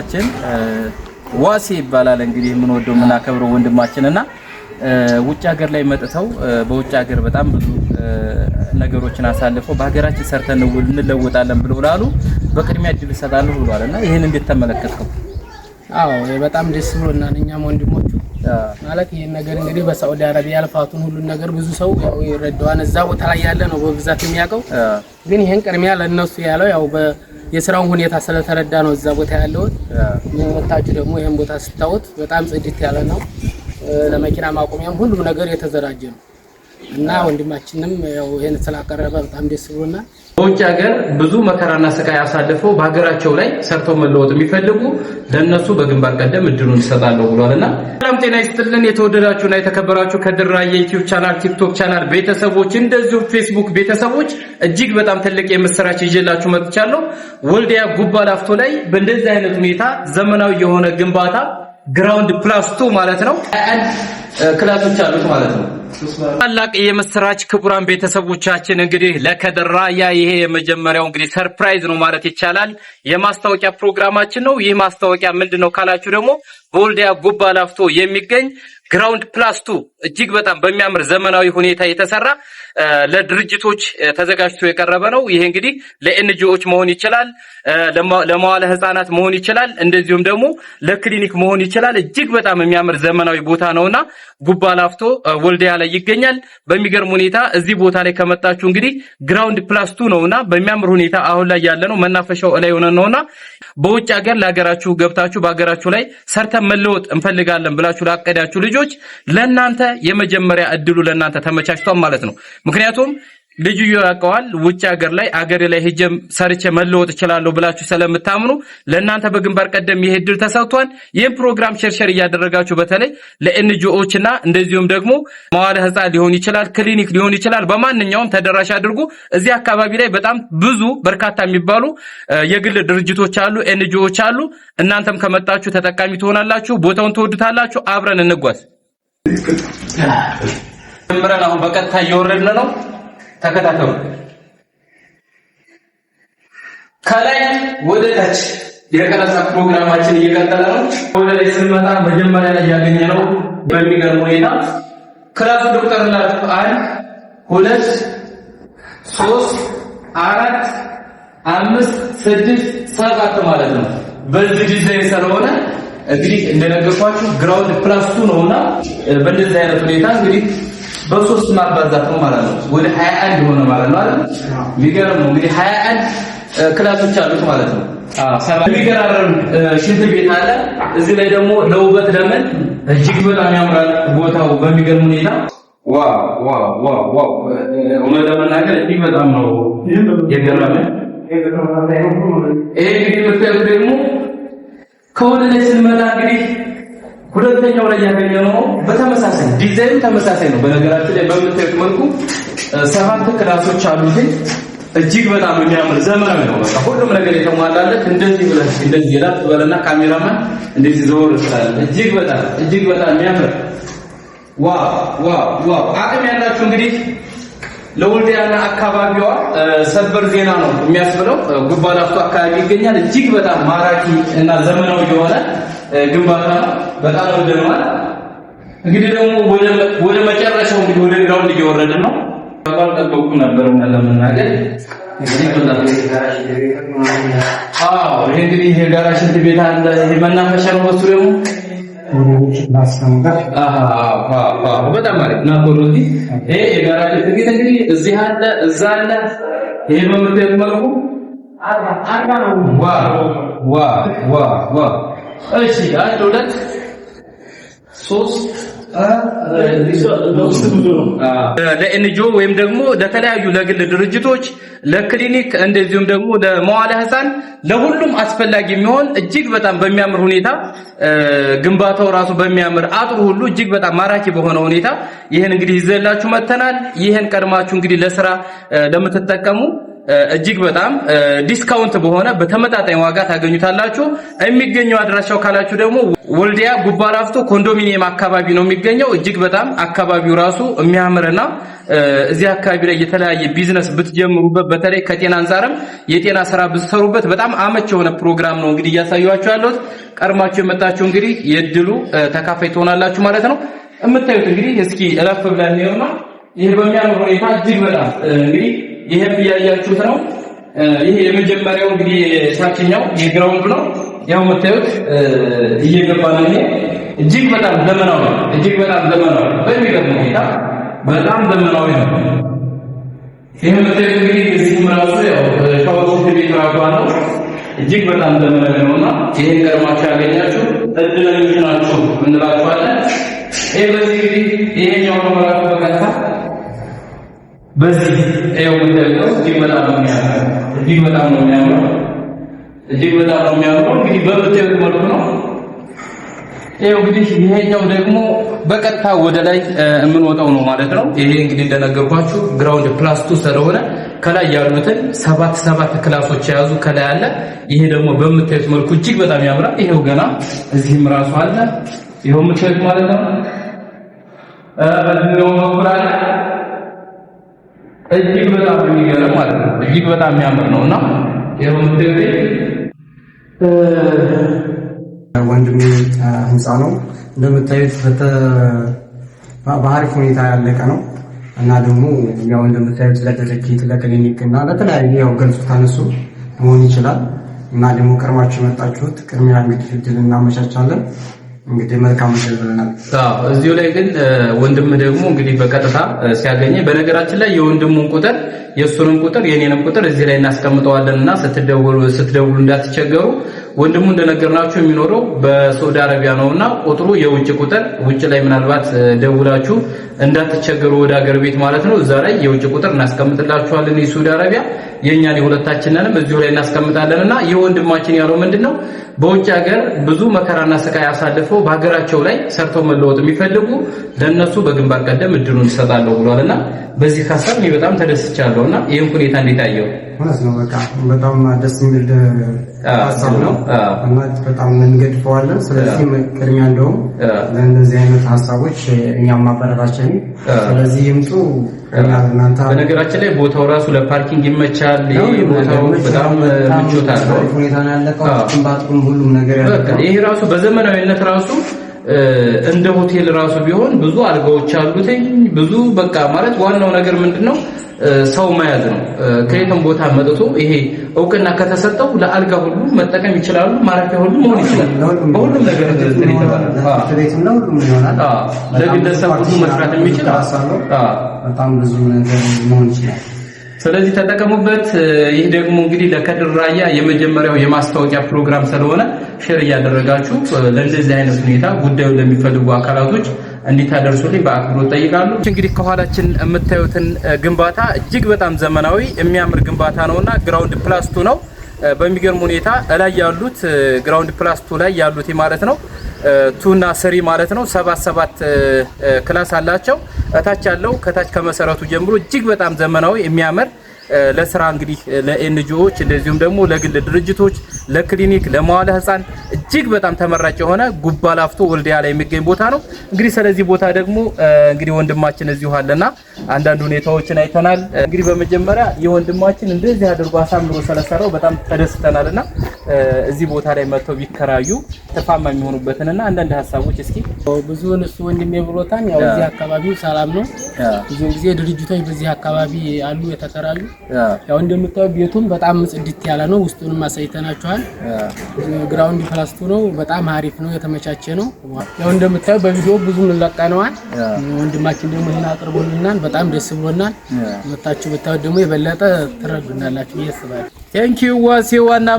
ወንድማችን ዋሴ ይባላል። እንግዲህ የምንወደው የምናከብረው ወንድማችን እና ውጭ ሀገር ላይ መጥተው በውጭ ሀገር በጣም ብዙ ነገሮችን አሳልፈው በሀገራችን ሰርተን እንለወጣለን ብለው ላሉ በቅድሚያ እድል እሰጣለሁ ብሏል እና ይህን እንዴት ተመለከትከው? አዎ በጣም ደስ እና እኛም ወንድሞቹ ማለት ይህን ነገር እንግዲህ በሳዑዲ አረቢያ ልፋቱን ሁሉን ነገር ብዙ ሰው ይረዳዋን እዛ ቦታ ላይ ያለ ነው በብዛት የሚያውቀው። ግን ይህን ቅድሚያ ለእነሱ ያለው ያው የስራውን ሁኔታ ስለተረዳ ነው እዛ ቦታ ያለውን መታችሁ። ደግሞ ይህን ቦታ ስታዩት በጣም ጽድት ያለ ነው። ለመኪና ማቆሚያም ሁሉም ነገር የተዘጋጀ ነው እና ወንድማችንም ያው ይህን ስላቀረበ በጣም ደስ ብሎናል። በውጭ ሀገር ብዙ መከራና ስቃይ አሳልፈው በሀገራቸው ላይ ሰርተው መለወጥ የሚፈልጉ ለእነሱ በግንባር ቀደም እድሉን እንሰጣለሁ ብሏልና። ሰላም ጤና ይስጥልን። የተወደዳችሁና የተከበራችሁ ከድራ የዩቲዩብ ቻናል፣ ቲክቶክ ቻናል ቤተሰቦች እንደዚሁ ፌስቡክ ቤተሰቦች እጅግ በጣም ትልቅ የምስራች ይዤላችሁ መጥቻለሁ። ወልዲያ ጉባ ላፍቶ ላይ በእንደዚህ አይነት ሁኔታ ዘመናዊ የሆነ ግንባታ ግራውንድ ፕላስ ቱ ማለት ነው። ክላሶች አሉት uh, ማለት ነው። ታላቅ የምስራች ክቡራን ቤተሰቦቻችን እንግዲህ ለከድር ራያ ይሄ የመጀመሪያው እንግዲህ ሰርፕራይዝ ነው ማለት ይቻላል። የማስታወቂያ ፕሮግራማችን ነው። ይህ ማስታወቂያ ምንድን ነው ካላችሁ ደግሞ በወልዲያ ጉባ ላፍቶ የሚገኝ ግራውንድ ፕላስ ቱ እጅግ በጣም በሚያምር ዘመናዊ ሁኔታ የተሰራ ለድርጅቶች ተዘጋጅቶ የቀረበ ነው። ይሄ እንግዲህ ለኤንጂኦች መሆን ይችላል፣ ለመዋለ ህጻናት መሆን ይችላል፣ እንደዚሁም ደግሞ ለክሊኒክ መሆን ይችላል። እጅግ በጣም የሚያምር ዘመናዊ ቦታ ነውና ጉባ ላፍቶ ወልዲያ ላይ ይገኛል። በሚገርም ሁኔታ እዚህ ቦታ ላይ ከመጣችሁ እንግዲህ ግራውንድ ፕላስ ቱ ነውና በሚያምር ሁኔታ አሁን ላይ ያለ ነው። መናፈሻው ላይ ሆነ ነውና በውጭ ሀገር ለሀገራችሁ ገብታችሁ በሀገራችሁ ላይ ሰርተን መለወጥ እንፈልጋለን ብላችሁ ላቀዳችሁ ልጆች ልጆች ለእናንተ የመጀመሪያ እድሉ ለእናንተ ተመቻችቷል ማለት ነው። ምክንያቱም ልጁ ያውቀዋል። ውጭ ሀገር ላይ አገሬ ላይ ሄጄ ሰርቼ መለወጥ እችላለሁ ብላችሁ ስለምታምኑ ለእናንተ በግንባር ቀደም ይሄ ድል ተሰጥቷል። ይህን ፕሮግራም ሸርሸር እያደረጋችሁ በተለይ ለኤንጂኦች እና እንደዚሁም ደግሞ መዋለ ሕፃን ሊሆን ይችላል፣ ክሊኒክ ሊሆን ይችላል፣ በማንኛውም ተደራሽ አድርጉ። እዚህ አካባቢ ላይ በጣም ብዙ በርካታ የሚባሉ የግል ድርጅቶች አሉ፣ ኤንጂኦች አሉ። እናንተም ከመጣችሁ ተጠቃሚ ትሆናላችሁ። ቦታውን ትወዱታላችሁ። አብረን እንጓዝ። ጀምረን አሁን በቀጥታ እየወረድን ነው። ተከታተሉ። ከላይ ወደ ታች የቀረጻ ፕሮግራማችን እየቀጠለ ነው። ወደ ላይ ስንመጣ መጀመሪያ ላይ ነው በሚገርም ሁኔታ ክላስ ዶክተር ላችሁ አንድ ሁለት ሶስት አራት አምስት ስድስት ሰባት ማለት ነው። በዚህ ዲዛይን ስለሆነ እንግዲህ እንደነገርኳችሁ ግራውንድ ፕላስ ቱ ነውና በእንደዚህ አይነት ሁኔታ እንግዲህ በሶስት ማባዛት ነው ማለት ነው። ወደ 21 ሆነ ማለት ነው አይደል? የሚገርም ነው እንግዲህ 21 ክላሶች አሉት ማለት ነው። የሚገራረም ሽንት ቤት አለ። እዚህ ላይ ደግሞ ለውበት ለምን እጅግ በጣም ያምራል ቦታው በሚገርም ሁኔታ። ዋው ዋው ዋው ዋው! እውነት ለመናገር እጅግ በጣም ነው የገረመኝ። ይሄ እንግዲህ የምታዩት ደግሞ ከወደ ላይ ስንመጣ እንግዲህ ሁለተኛው ላይ ያገኘነው በተመሳሳይ ዲዛይኑ ተመሳሳይ ነው። በነገራችን ላይ በምታዩት መልኩ ሰባት ክላሶች አሉት። እጅግ በጣም የሚያምር ዘመናዊ ነው። በቃ ሁሉም ነገር የተሟላለት እንደዚህ ብለህ እንደዚህ የላት በለና ካሜራማን እንደዚህ ዘወር ይችላል። እጅግ በጣም እጅግ በጣም የሚያምር ዋው ዋው ዋው። አቅም ያላችሁ እንግዲህ ለወልዲያና አካባቢዋ ሰበር ዜና ነው የሚያስብለው። ጉባላፍቶ አካባቢ ይገኛል። እጅግ በጣም ማራኪ እና ዘመናዊ የሆነ ግንባታ በጣም ወደነዋል። እንግዲህ ደግሞ ወደ መጨረሻው እንግዲህ ወደ ግራውንድ እየወረድን ነው። ከባድ ጠበቁ ነበር ለመናገር ይሄ እንግዲህ ይሄ ሽንት ቤት አለ። ይሄ መናፈሻ ነው። እሱ ደግሞ በጣም አሪፍ ናቶ ይሄ የጋራ ሽንት ቤት እንግዲህ እዚህ አለ፣ እዛ አለ። ይሄ በምታዩት መልኩ አርባ አርባ ነው። ዋ ዋ ዋ ዋ እሺ፣ አንድ ሁለት ለኤንጂኦ ወይም ደግሞ ለተለያዩ ለግል ድርጅቶች፣ ለክሊኒክ እንደዚሁም ደግሞ ለመዋለ ህፃን ለሁሉም አስፈላጊ የሚሆን እጅግ በጣም በሚያምር ሁኔታ ግንባታው ራሱ በሚያምር አጥሩ ሁሉ እጅግ በጣም ማራኪ በሆነ ሁኔታ ይህን እንግዲህ ይዘላችሁ መተናል። ይህን ቀድማችሁ እንግዲህ ለስራ ለምትጠቀሙ እጅግ በጣም ዲስካውንት በሆነ በተመጣጣኝ ዋጋ ታገኙታላችሁ። የሚገኘው አድራሻው ካላችሁ ደግሞ ወልዲያ ጉባላፍቶ ኮንዶሚኒየም አካባቢ ነው የሚገኘው። እጅግ በጣም አካባቢው ራሱ የሚያምርና እዚህ አካባቢ ላይ የተለያየ ቢዝነስ ብትጀምሩበት በተለይ ከጤና አንጻርም የጤና ስራ ብትሰሩበት በጣም አመች የሆነ ፕሮግራም ነው እንግዲህ እያሳዩችሁ ያለሁት። ቀድማችሁ የመጣችሁ እንግዲህ የድሉ ተካፋይ ትሆናላችሁ ማለት ነው። የምታዩት እንግዲህ እስኪ እለፍ ብለን ይህ በሚያምር ሁኔታ እጅግ በጣም እንግዲህ ይሄም እያያችሁት ነው። ይሄ የመጀመሪያው እንግዲህ ታችኛው የግራውንድ ነው። ያው የምታዩት እየገባ ነው። ይሄ እጅግ በጣም ዘመናዊ ነው። እጅግ በጣም ዘመናዊ ነው። በሚገርም ሁኔታ በጣም ዘመናዊ ነው። ይሄ የምታዩት እንግዲህ እዚህም ራሱ ያው ሻወር ቤት ራሱ ነው። እጅግ በጣም ዘመናዊ ነውና ይሄን ቀድማችሁ ያገኛችሁ እድለኞች ናችሁ እንላችኋለን። ይሄ በዚህ እንግዲህ ይሄኛው ነው ማለት በቀጥታ በዚህ ይኸው የምንደልቀው እጅግ በጣም ነው የሚያምረው። እጅግ በጣም ነው የሚያምረው። እጅግ በጣም ነው የሚያምረው። እንግዲህ በምታዩት መልኩ ነው። ይኸው እንግዲህ ይሄኛው ደግሞ በቀጥታ ወደ ላይ የምንወጣው ነው ማለት ነው። ይሄ እንግዲህ እንደነገርኳችሁ ግራውንድ ፕላስ ቱ ስለሆነ ከላይ ያሉትን ሰባት ሰባት ክላሶች የያዙ ከላይ አለ። ይሄ ደግሞ በምታዩት መልኩ እጅግ በጣም ያምራል። ይሄው ገና እዚህም ራሱ አለ። ይሄው የምታዩት ማለት ነው። በዚህኛው በኩል አለ እጅግ በጣም የሚገርም ማለት ነው። እጅግ በጣም የሚያምር ነው እና የምትሪ ወንድሜ ህንፃ ነው እንደምታዩት በአሪፍ ሁኔታ ያለቀ ነው እና ደግሞ ያው እንደምታዩት ለድርጅት ለክሊኒክ እና ለተለያዩ ያው ገልጹ ታነሱ መሆን ይችላል እና ደግሞ ቅርማችሁ የመጣችሁት ቅድሚያ እንግዲህ እድል እናመቻቻለን። እንግዲህ መልካም እዚሁ ላይ ግን ወንድም ደግሞ እንግዲህ በቀጥታ ሲያገኘ በነገራችን ላይ የወንድሙን ቁጥር የእሱንም ቁጥር የኔንም ቁጥር እዚህ ላይ እናስቀምጠዋለን እና ስትደውሉ እንዳትቸገሩ ወንድሙ እንደነገርናችሁ የሚኖረው በሳውዲ አረቢያ ነውና ቁጥሩ የውጭ ቁጥር ውጭ ላይ ምናልባት ደውላችሁ እንዳትቸገሩ ወደ ሀገር ቤት ማለት ነው። እዛ ላይ የውጭ ቁጥር እናስቀምጥላችኋለን። የሳውዲ አረቢያ የእኛን የሁለታችንንም እዚሁ ላይ እናስቀምጣለን እና ይህ ወንድማችን ያለው ምንድን ነው? በውጭ ሀገር ብዙ መከራና ስቃይ አሳልፈው በሀገራቸው ላይ ሰርተው መለወጥ የሚፈልጉ ለእነሱ በግንባር ቀደም እድሉን ይሰጣለሁ ብሏልና በዚህ ሀሳብ እኔ በጣም ተደስቻለሁና ይህን ሁኔታ እንዴት አየው? እውነት ነው። በቃ በጣም ደስ የሚል ሀሳብ ነው እና በጣም እንገድፈዋለን። ስለዚህ ቅድሚያ እንደውም ለእንደዚህ አይነት ሀሳቦች እኛም ማበረታችን፣ ስለዚህ ይምጡ። በነገራችን ላይ ቦታው ራሱ ለፓርኪንግ ይመቻል። ቦታው በጣም ምቾት አለው። ሁኔታ ያለቀው ሁሉም ነገር ያለ ይሄ ራሱ በዘመናዊነት ራሱ እንደ ሆቴል ራሱ ቢሆን ብዙ አልጋዎች አሉት ብዙ በቃ ማለት ዋናው ነገር ምንድነው ሰው መያዝ ነው። ከየትም ቦታ መጥቶ ይሄ እውቅና ከተሰጠው ለአልጋ ሁሉ መጠቀም ይችላሉ። ማረፊያ ሁሉ መሆን ይችላል። በሁሉም ነገር ለግለሰብ ሁሉ መስራት የሚችል በጣም ብዙ ነገር መሆን ይችላል። ስለዚህ ተጠቀሙበት። ይህ ደግሞ እንግዲህ ለከድር ራያ የመጀመሪያው የማስታወቂያ ፕሮግራም ስለሆነ ሼር እያደረጋችሁ ለእንደዚህ አይነት ሁኔታ ጉዳዩ ለሚፈልጉ አካላቶች እንዲታደርሱልኝ በአክብሮት ጠይቃሉ። እንግዲህ ከኋላችን የምታዩትን ግንባታ እጅግ በጣም ዘመናዊ የሚያምር ግንባታ ነውና ግራውንድ ፕላስቱ ነው። በሚገርም ሁኔታ እላይ ያሉት ግራውንድ ፕላስቱ ላይ ያሉት ማለት ነው ቱ እና ስሪ ማለት ነው። ሰባት ሰባት ክላስ አላቸው። እታች ያለው ከታች ከመሰረቱ ጀምሮ እጅግ በጣም ዘመናዊ የሚያምር ለስራ እንግዲህ ለኤንጂኦዎች እንደዚሁም ደግሞ ለግል ድርጅቶች፣ ለክሊኒክ፣ ለመዋለ ህፃን እጅግ በጣም ተመራጭ የሆነ ጉባ ላፍቶ ወልዲያ ላይ የሚገኝ ቦታ ነው። እንግዲህ ስለዚህ ቦታ ደግሞ እንግዲህ ወንድማችን እዚሁ አለና አንዳንድ ሁኔታዎችን አይተናል። እንግዲህ በመጀመሪያ የወንድማችን እንደዚህ አድርጎ አሳምሮ ስለሰራው በጣም ተደስተናል እና እዚህ ቦታ ላይ መጥተው ቢከራዩ ትርፋማ የሚሆኑበትንና አንዳንድ ሀሳቦች እስኪ ብዙውን እሱ ወንድሜ ብሎታን። ያው እዚህ አካባቢው ሰላም ነው። ብዙ ጊዜ ድርጅቶች በዚህ አካባቢ አሉ የተከራዩ። ያው እንደምታዩ ቤቱም በጣም ጽድት ያለ ነው። ውስጡንም አሳይተናችኋል። ግራውንድ ፕላስቱ ነው። በጣም አሪፍ ነው። የተመቻቸ ነው። ያው እንደምታዩ በቪዲዮ ብዙ እንለቀነዋል። ወንድማችን ደግሞ ይህን አቅርቦልናል። በጣም ደስ ብሎናል። መታችሁ ብታዩት ደግሞ የበለጠ ትረዱናላችሁ ብዬ አስባለሁ። ቴንኪው ዋሴ ዋና